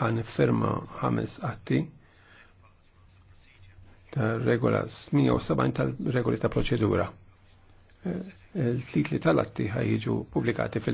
ħan firma ħames atti ta' regola 170 tal-regoli ta' proċedura. Il-titli eh, eh, tal-atti ħajġu publikati fil